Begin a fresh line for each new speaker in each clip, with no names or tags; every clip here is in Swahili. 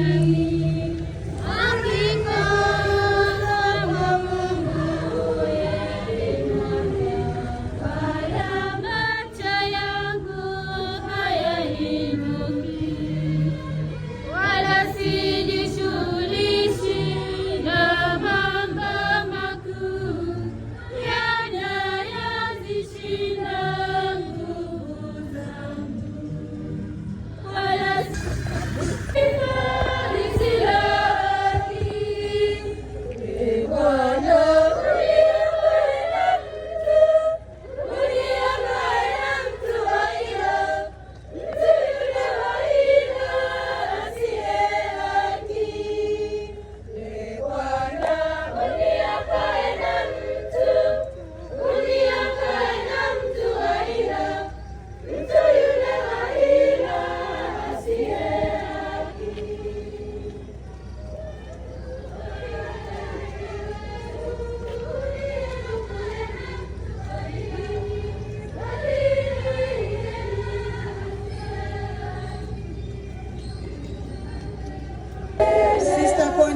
Amen.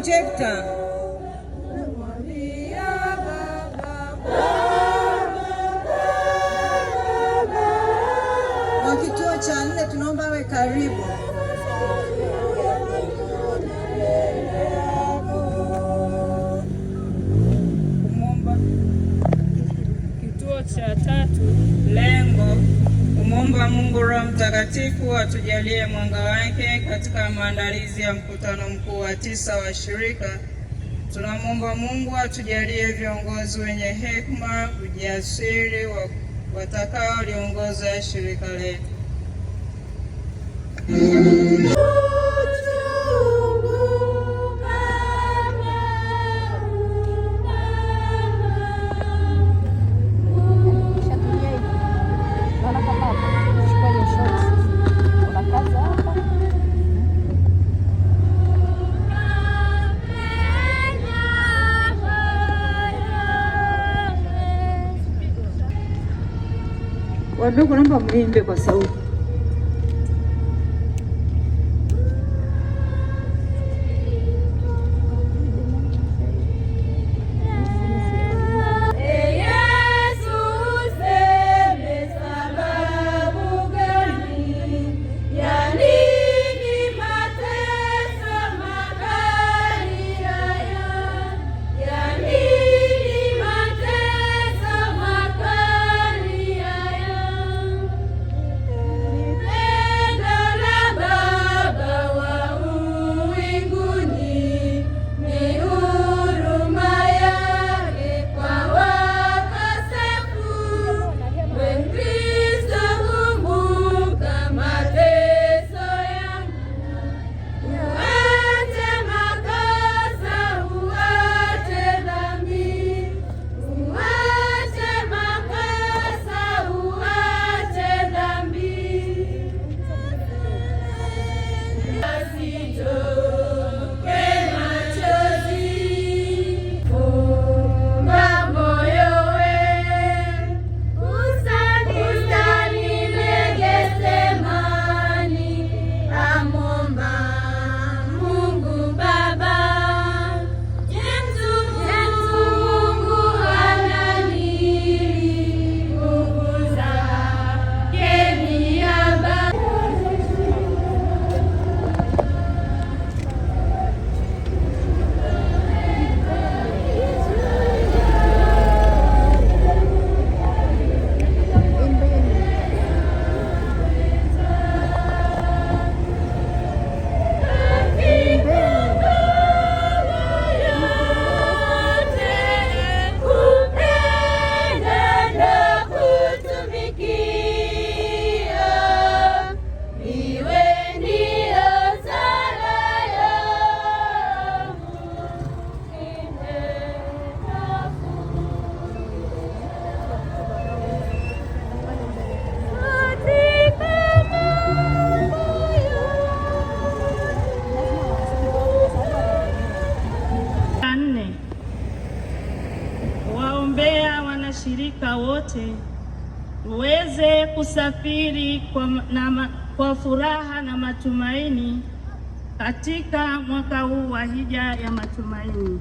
projector. Wa kituo cha nne tunaomba we karibu. Mtakatifu atujalie mwanga wake katika maandalizi ya mkutano mkuu wa tisa wa shirika. Tunamwomba Mungu atujalie viongozi wenye hekima, ujasiri wa watakaoliongoza shirika letu. Wadogo naomba muimbe kwa sauti. washirika wote uweze kusafiri kwa, na, kwa furaha na matumaini katika mwaka huu wa hija ya matumaini.